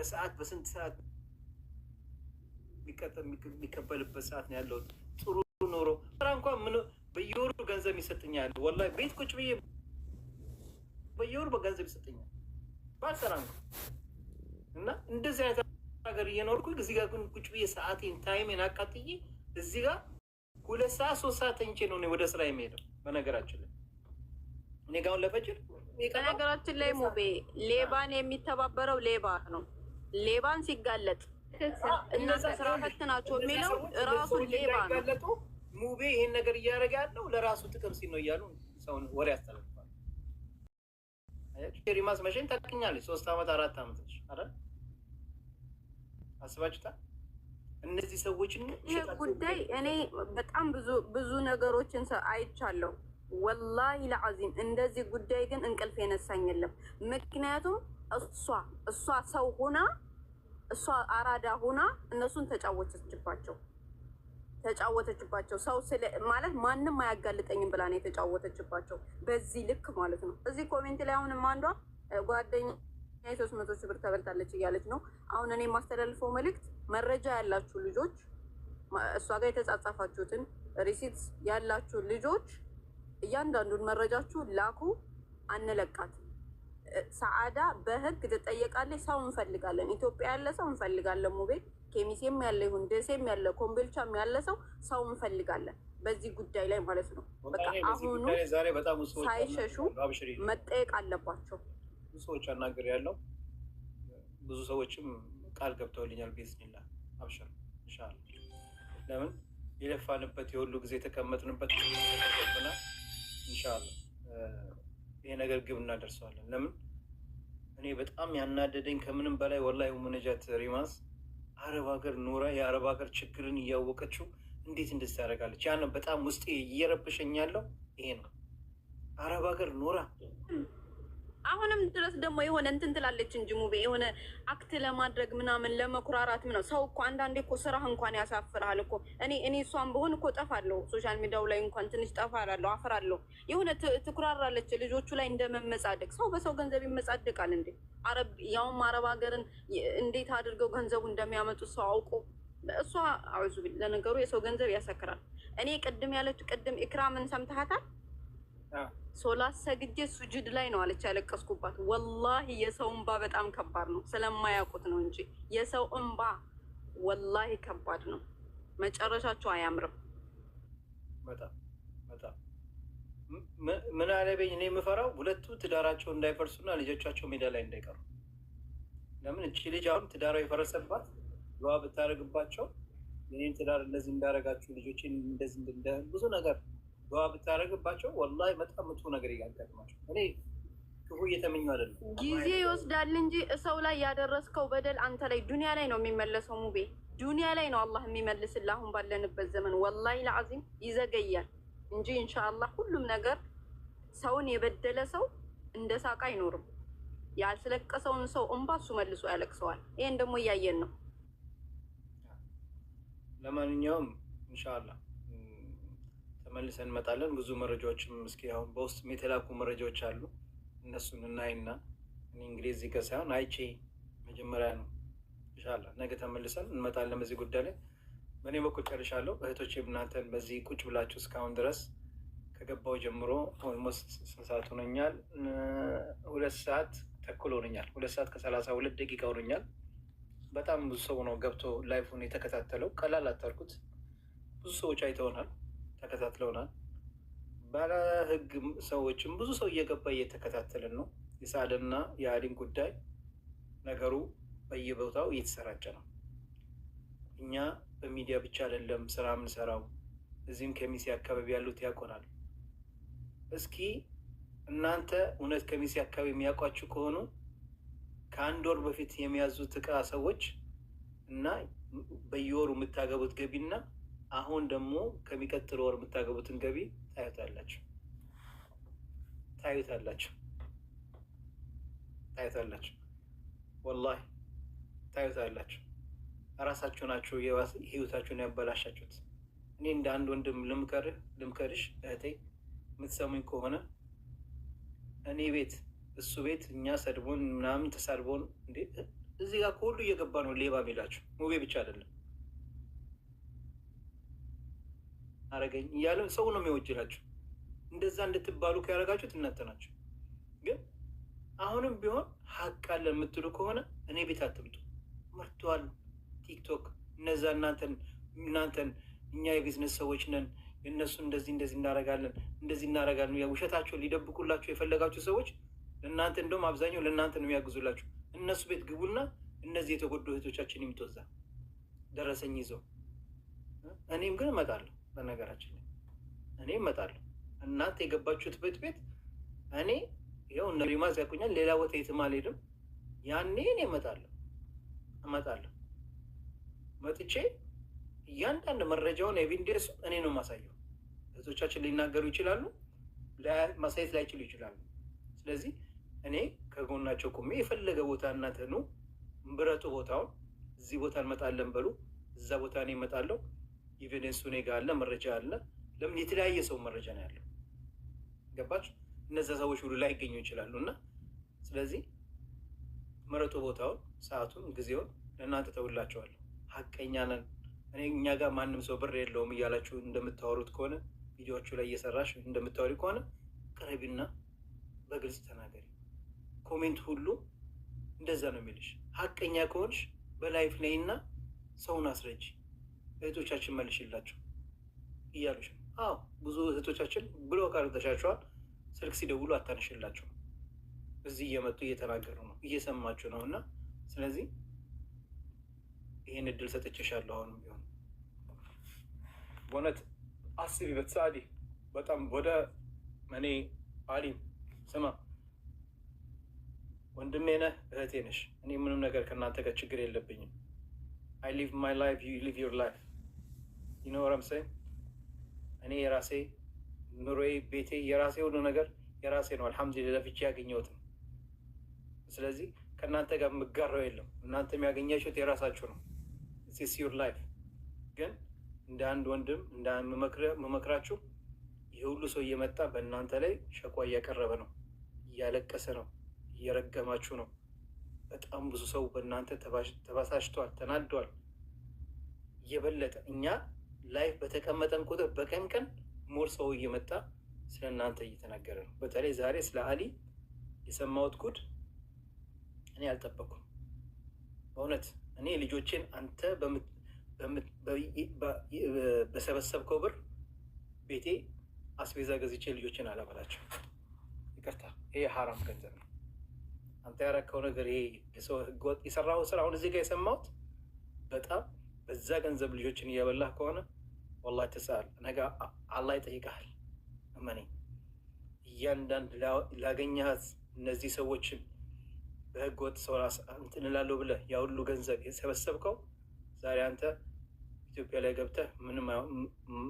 በሰዓት በስንት ሰዓት የሚቀበልበት ሰዓት ነው ያለው። ጥሩ ኑሮ ራ እንኳን ምን በየወሩ ገንዘብ ይሰጥኛል። ወላ ቤት ቁጭ ብዬ በየወሩ በገንዘብ ይሰጥኛል ባልሰራ እንኳ እና እንደዚህ አይነት ሀገር እየኖርኩ እዚህ ጋር ግን ቁጭ ብዬ ሰዓቴን ታይሜን አቃጥዬ እዚህ ጋር ሁለት ሰዓት ሶስት ሰዓት ተኝቼ ነው ወደ ስራ የሚሄደው። በነገራችን ላይ እኔ ጋር ለፈጭር ለፈጅር በነገራችን ላይ ሙቤ ሌባን የሚተባበረው ሌባ ነው። ሌባን ሲጋለጥ እነዛ ስራ ፈት ናቸው የሚለው ራሱ ሌባ ነው። ሙቤ ይህን ነገር እያደረገ ያለው ለራሱ ጥቅም ሲል ነው እያሉ ሰውን ወሬ ያስተላልፋል። ሪማስ መቼም ታውቅኛለች። ሶስት አመት አራት አመት ነች። አረ አስባችሁታል? እነዚህ ሰዎችን ጉዳይ እኔ በጣም ብዙ ብዙ ነገሮችን አይቻለሁ። ወላሂ ለአዚም እንደዚህ ጉዳይ ግን እንቅልፍ የነሳኝ የለም ምክንያቱም እሷ እሷ ሰው ሆና እሷ አራዳ ሆና እነሱን ተጫወተችባቸው ተጫወተችባቸው። ሰው ስለ ማለት ማንም አያጋልጠኝም ብላ ነው የተጫወተችባቸው በዚህ ልክ ማለት ነው። እዚህ ኮሜንት ላይ አሁንም አንዷ ጓደኛ ሶስት መቶ ሺህ ብር ተበልታለች እያለች ነው። አሁን እኔ የማስተላልፈው መልእክት መረጃ ያላችሁ ልጆች እሷ ጋር የተጻጻፋችሁትን ሪሲት ያላችሁ ልጆች እያንዳንዱን መረጃችሁ ላኩ። አንለቃት ሰዓዳ በህግ ትጠየቃለች። ሰው እንፈልጋለን፣ ኢትዮጵያ ያለ ሰው እንፈልጋለን። ሙቤ ኬሚሴም ያለ ይሁን ደሴም ያለ ኮምቤልቻም ያለ ሰው ሰው እንፈልጋለን፣ በዚህ ጉዳይ ላይ ማለት ነው። በቃ አሁኑ ሳይሸሹ መጠየቅ አለባቸው። ብዙ ሰዎች አናገር ያለው ብዙ ሰዎችም ቃል ገብተውልኛል። ቤዝኒላ አብሽር ይሻል። ለምን የለፋንበት የሁሉ ጊዜ የተቀመጥንበት ና ይሄ ነገር ግብ እናደርሰዋለን። ለምን እኔ በጣም ያናደደኝ ከምንም በላይ ወላሂ ሙነጃት ሪማስ አረብ ሀገር ኖራ የአረብ ሀገር ችግርን እያወቀችው እንዴት እንደዚህ ታደርጋለች? ያ በጣም ውስጤ እየረበሸኝ ያለው ይሄ ነው። አረብ ሀገር ኖራ አሁንም ድረስ ደግሞ የሆነ እንትን ትላለች እንጂ ሙቤ የሆነ አክት ለማድረግ ምናምን ለመኩራራት ምናምን ሰው እኮ አንዳንዴ እኮ ስራህ እንኳን ያሳፍርሃል እኮ። እኔ እኔ እሷን በሆን እኮ ጠፋለሁ፣ ሶሻል ሚዲያው ላይ እንኳን ትንሽ ጠፋላለሁ፣ አፍራለሁ። የሆነ ትኩራራለች ልጆቹ ላይ እንደመመጻደቅ። ሰው በሰው ገንዘብ ይመጻደቃል እንዴ? አረብ ያውም አረብ ሀገርን እንዴት አድርገው ገንዘቡ እንደሚያመጡ ሰው አውቆ እሷ አዙ ለነገሩ የሰው ገንዘብ ያሰክራል። እኔ ቅድም ያለች ቅድም ኢክራምን ሰምተሃታል? ሶላት ሰግጄ ሱጁድ ላይ ነው አለች ያለቀስኩባት። ወላሂ የሰው እንባ በጣም ከባድ ነው፣ ስለማያውቁት ነው እንጂ የሰው እንባ ወላሂ ከባድ ነው። መጨረሻቸው አያምርም። በጣም በጣም ምን አለበኝ እኔ የምፈራው ሁለቱ ትዳራቸው እንዳይፈርሱና ልጆቻቸው ሜዳ ላይ እንዳይቀሩ። ለምን እቺ ልጅ አሁን ትዳራው የፈረሰባት ዋ ብታደርግባቸው የኔን ትዳር እንደዚህ እንዳረጋችሁ ልጆችን እንደዚህ ብዙ ነገር ዱዓ ብታደርግባቸው ወላሂ በጣም መጥፎ ነገር ያጋጥማቸው። እኔ ክፉ እየተመኙ አይደለም፣ ጊዜ ይወስዳል እንጂ ሰው ላይ ያደረስከው በደል አንተ ላይ ዱንያ ላይ ነው የሚመለሰው። ሙቤ ዱንያ ላይ ነው አላህ የሚመልስልህ። አሁን ባለንበት ዘመን ወላሂ ለአዚም ይዘገያል እንጂ ኢንሻአላህ ሁሉም ነገር ሰውን የበደለ ሰው እንደ ሳቅ አይኖርም። ያስለቀሰውን ሰው እንባ እሱ መልሶ ያለቅሰዋል። ይሄን ደግሞ እያየን ነው። ለማንኛውም ኢንሻአላህ ተመልሰን እንመጣለን። ብዙ መረጃዎችም እስኪ አሁን በውስጥ የተላኩ መረጃዎች አሉ። እነሱን እናይና እኔ እንግዲህ እዚህ ጋር ሳይሆን አይቼ መጀመሪያ ነው ይሻላ። ነገ ተመልሰን እንመጣለን በዚህ ጉዳይ ላይ። በእኔ በኩል ጨርሻለሁ። እህቶቼም እናንተን በዚህ ቁጭ ብላችሁ እስካሁን ድረስ ከገባው ጀምሮ ኦልሞስት ስንት ሰዓት ሆነኛል? ሁለት ሰዓት ተኩል ሆነኛል። ሁለት ሰዓት ከሰላሳ ሁለት ደቂቃ ሆነኛል። በጣም ብዙ ሰው ነው ገብቶ ላይፉን የተከታተለው። ቀላል አታርኩት። ብዙ ሰዎች አይተውናል። ተከታትለውናል። ባለህግ ሰዎችም ብዙ ሰው እየገባ እየተከታተልን ነው። የሳልና የአሊም ጉዳይ ነገሩ በየቦታው እየተሰራጨ ነው። እኛ በሚዲያ ብቻ አይደለም ስራ የምንሰራው። እዚህም ከሚሴ አካባቢ ያሉት ያውቁናል። እስኪ እናንተ እውነት ከሚሴ አካባቢ የሚያውቋችሁ ከሆኑ ከአንድ ወር በፊት የሚያዙት እቃ ሰዎች እና በየወሩ የምታገቡት ገቢና አሁን ደግሞ ከሚቀጥለው ወር የምታገቡትን ገቢ ታዩታላችሁ ታዩታላችሁ ታዩታላችሁ ወላሂ ታዩታላችሁ። እራሳችሁ ናችሁ ህይወታችሁን ያበላሻችሁት። እኔ እንደ አንድ ወንድም ልምከርህ ልምከርሽ እህቴ የምትሰሙኝ ከሆነ እኔ ቤት እሱ ቤት እኛ ሰድቦን ምናምን ተሳድቦን፣ እዚህ ጋር ከሁሉ እየገባ ነው ሌባ የሚላችሁ ሙቤ ብቻ አይደለም። አረገኝ እያለ ሰው ነው የሚወጅላቸው። እንደዛ እንድትባሉ ያደረጋችሁት እናንተ ናቸው። ግን አሁንም ቢሆን ሀቅ አለ የምትሉ ከሆነ እኔ ቤት አትምጡ። መርቷል ቲክቶክ እነዛ እናንተን እናንተን እኛ የቢዝነስ ሰዎች ነን እነሱ እንደዚህ እንደዚህ እናረጋለን እንደዚህ እናረጋለን ውሸታቸው ሊደብቁላቸው የፈለጋቸው ሰዎች እናንተ እንደውም አብዛኛው ለእናንተ ነው የሚያግዙላቸው። እነሱ ቤት ግቡና እነዚህ የተጎዱ እህቶቻችን የሚትወዛ ደረሰኝ ይዘው እኔም ግን እመጣለሁ በነገራችን ላይ እኔ እመጣለሁ። እናንተ የገባችሁት ቤት ቤት እኔ ይኸው እነ ሪማዝ ያቁኛል። ሌላ ቦታ የትም አልሄድም። ያኔ እኔ እመጣለሁ እመጣለሁ። መጥቼ እያንዳንድ መረጃውን ኤቪደንሱ እኔ ነው የማሳየው። እህቶቻችን ሊናገሩ ይችላሉ፣ ማሳየት ላይችሉ ይችላሉ። ስለዚህ እኔ ከጎናቸው ቁሜ የፈለገ ቦታ እናንተ ኑ ምረጡ ቦታውን እዚህ ቦታ እንመጣለን በሉ፣ እዛ ቦታ እኔ እመጣለሁ። ኢቪደንሱ እኔ ጋር አለ፣ መረጃ አለ። ለምን የተለያየ ሰው መረጃ ነው ያለው። ገባችሁ? እነዛ ሰዎች ሁሉ ላይ ይገኙ ይችላሉ። እና ስለዚህ መረጡ ቦታውን፣ ሰዓቱን፣ ጊዜውን ለእናንተ ተውላቸዋለሁ። ሀቀኛ ነን እኔ እኛ ጋር ማንም ሰው ብር የለውም እያላችሁ እንደምታወሩት ከሆነ ቪዲዮዎቹ ላይ እየሰራሽ እንደምታወሪ ከሆነ ቅረቢና በግልጽ ተናገሪ። ኮሜንት ሁሉ እንደዛ ነው የሚልሽ። ሀቀኛ ከሆንሽ በላይፍ ነይና ሰውን አስረጅ እህቶቻችን መልሽላቸው እያሉሽ አዎ ብዙ እህቶቻችን ብሎ አድርገሻቸዋል። ስልክ ሲደውሉ አታነሽላቸው። እዚህ እየመጡ እየተናገሩ ነው፣ እየሰማችሁ ነው። እና ስለዚህ ይህን እድል ሰጥቼሻለሁ። አሁንም ቢሆን በእውነት አስቢበት ሰአዲ በጣም ወደ እኔ አሊም ስማ ወንድሜ ነህ፣ እህቴ ነሽ። እኔ ምንም ነገር ከእናንተ ጋር ችግር የለብኝም። አይ ሊቭ ማይ ላይፍ ዩ ሊቭ ዮር ላይፍ ይኖረም ሰ እኔ የራሴ ኑሮዬ፣ ቤቴ የራሴ ሁሉ ነገር የራሴ ነው። አልሐምዱሊላ ለፍቼ ያገኘሁት ነው። ስለዚህ ከእናንተ ጋር የምጋራው የለም። እናንተ የሚያገኛችሁት የራሳችሁ ነው። ዩር ላይፍ ግን እንደ አንድ ወንድም እንደ መመክራችሁ ይህ ሁሉ ሰው እየመጣ በእናንተ ላይ ሸኳ እያቀረበ ነው፣ እያለቀሰ ነው፣ እየረገማችሁ ነው። በጣም ብዙ ሰው በእናንተ ተበሳጭቷል፣ ተናደዋል። እየበለጠ እኛ ላይፍ በተቀመጠን ቁጥር በቀን ቀን ሞር ሰው እየመጣ ስለ እናንተ እየተናገረ ነው። በተለይ ዛሬ ስለ አሊ የሰማሁት ጉድ እኔ አልጠበኩም። በእውነት እኔ ልጆቼን አንተ በሰበሰብከው ብር ቤቴ አስቤዛ ገዝቼ ልጆችን አላበላቸው። ይቅርታ፣ ይሄ ሀራም ገንዘብ ነው። አንተ ያረከው ነገር ይሄ የሰው ህገወጥ የሰራው ስራ አሁን እዚህ ጋር የሰማሁት በጣም በዛ ገንዘብ ልጆችን እያበላህ ከሆነ ወላሂ ትስአል ነገ አላህ ይጠይቅሃል። እመኔ እያንዳንድ ላገኘሃት እነዚህ ሰዎችን በህገ ወጥ ሰው እንትን እላለሁ ብለህ ያ ሁሉ ገንዘብ የሰበሰብከው ዛሬ አንተ ኢትዮጵያ ላይ ገብተህ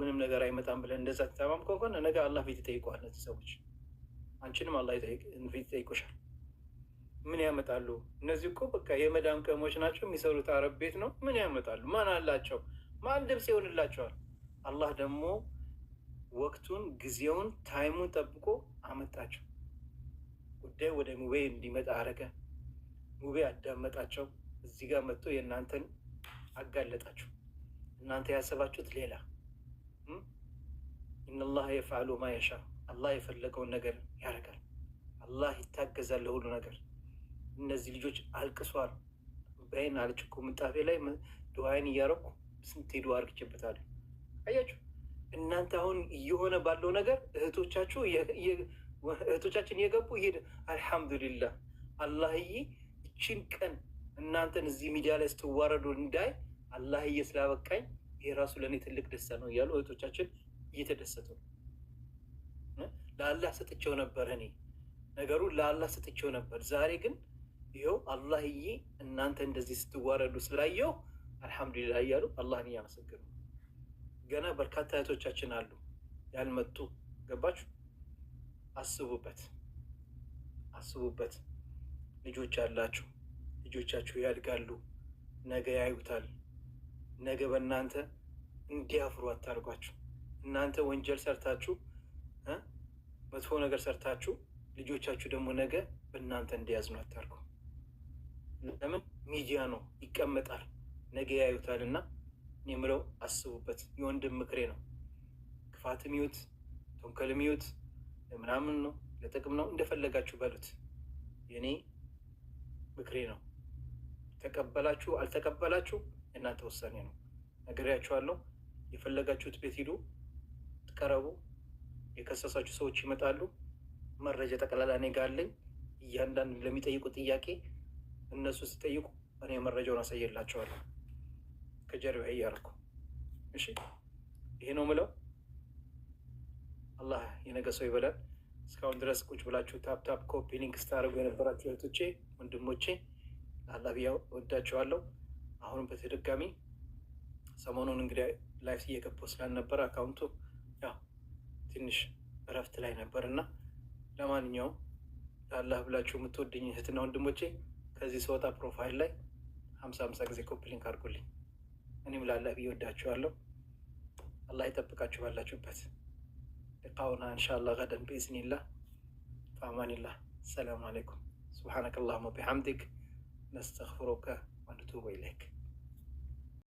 ምንም ነገር አይመጣም ብለህ እንደዛ ተታማም ከሆነ ነገ አላህ ፊት ይጠይቀዋል። እነዚህ ሰዎች አንቺንም አላህ ፊት ይጠይቆሻል። ምን ያመጣሉ? እነዚህ እኮ በቃ የመዳም ቀሞች ናቸው። የሚሰሩት አረብ ቤት ነው። ምን ያመጣሉ? ማን አላቸው? ማን ድምፅ ይሆንላቸዋል? አላህ ደግሞ ወቅቱን ጊዜውን ታይሙን ጠብቆ አመጣቸው። ጉዳይ ወደ ሙቤ እንዲመጣ አረገ። ሙቤ አዳመጣቸው። እዚህ ጋር መጥቶ የእናንተን አጋለጣችሁ። እናንተ ያሰባችሁት ሌላ። ኢነላህ የፍዓሉ ማ የሻ፣ አላህ የፈለገውን ነገር ያደርጋል። አላህ ይታገዛል ለሁሉ ነገር። እነዚህ ልጆች አልቅሷል። በይን አለች እኮ ምንጣፌ ላይ ድዋይን እያረኩ ስንት ሄዱ አርግችበታለሁ አያችሁ እናንተ አሁን እየሆነ ባለው ነገር እህቶቻችሁ እህቶቻችን እየገቡ ይሄድ አልሐምዱሊላህ አላህዬ እችን ቀን እናንተን እዚህ ሚዲያ ላይ ስትዋረዱ እንዳይ አላህዬ ስላበቃኝ ይሄ ራሱ ለእኔ ትልቅ ደስታ ነው እያሉ እህቶቻችን እየተደሰቱ ለአላህ ሰጥቼው ነበር እኔ ነገሩ ለአላህ ሰጥቼው ነበር። ዛሬ ግን ይኸው አላህዬ እናንተ እንደዚህ ስትዋረዱ ስላየው አልሐምዱሊላህ እያሉ አላህን እያመሰገኑ ገና በርካታ እህቶቻችን አሉ ያልመጡ። ገባችሁ? አስቡበት፣ አስቡበት። ልጆች አላችሁ፣ ልጆቻችሁ ያድጋሉ፣ ነገ ያዩታል። ነገ በእናንተ እንዲያፍሩ አታርጓችሁ። እናንተ ወንጀል ሰርታችሁ መጥፎ ነገር ሰርታችሁ ልጆቻችሁ ደግሞ ነገ በእናንተ እንዲያዝኑ አታርጉ። ለምን ሚዲያ ነው ይቀመጣል፣ ነገ ያዩታል እና የምለው አስቡበት። የወንድም ምክሬ ነው። ክፋት ሚዩት፣ ተንኮልም ሚዩት፣ ለምናምን ነው ለጥቅም ነው እንደፈለጋችሁ በሉት። የኔ ምክሬ ነው። ተቀበላችሁ አልተቀበላችሁ እናንተ ውሳኔ ነው። ነግሬያችኋለሁ። የፈለጋችሁት ቤት ሂዱ፣ ትቀረቡ። የከሰሳችሁ ሰዎች ይመጣሉ። መረጃ ጠቅላላ እኔ ጋር አለኝ። እያንዳንዱ ለሚጠይቁ ጥያቄ እነሱ ሲጠይቁ እኔ መረጃውን አሳየላቸዋለሁ። ከጀርባ እያልኩ እሺ፣ ይሄ ነው ምለው። አላህ የነገ ሰው ይበላል። እስካሁን ድረስ ቁጭ ብላችሁ ታፕታፕ ኮፒ ሊንክ ስታደርጉ የነበራችሁ እህቶቼ ወንድሞቼ፣ ለአላህ ብያ ወዳችኋለሁ። አሁንም በተደጋሚ ሰሞኑን እንግዲህ ላይፍ እየገባሁ ስላልነበረ አካውንቱ ያው ትንሽ እረፍት ላይ ነበር እና ለማንኛውም ለአላህ ብላችሁ የምትወድኝ እህትና ወንድሞቼ ከዚህ ስወጣ ፕሮፋይል ላይ ሀምሳ ሀምሳ ጊዜ ኮፒ ሊንክ አድርጉልኝ። እኔም ላላህ ብዬ ወዳችኋለሁ። አላህ ይጠብቃችሁ ባላችሁበት። ሊቃውና እንሻላ ቀደም ብኢዝኒላህ ፈአማኒላህ። ሰላም አለይኩም። ስብሓነከ አላሁመ ወቢሐምዲክ ነስተግፊሩከ ወነቱቡ ኢለይክ።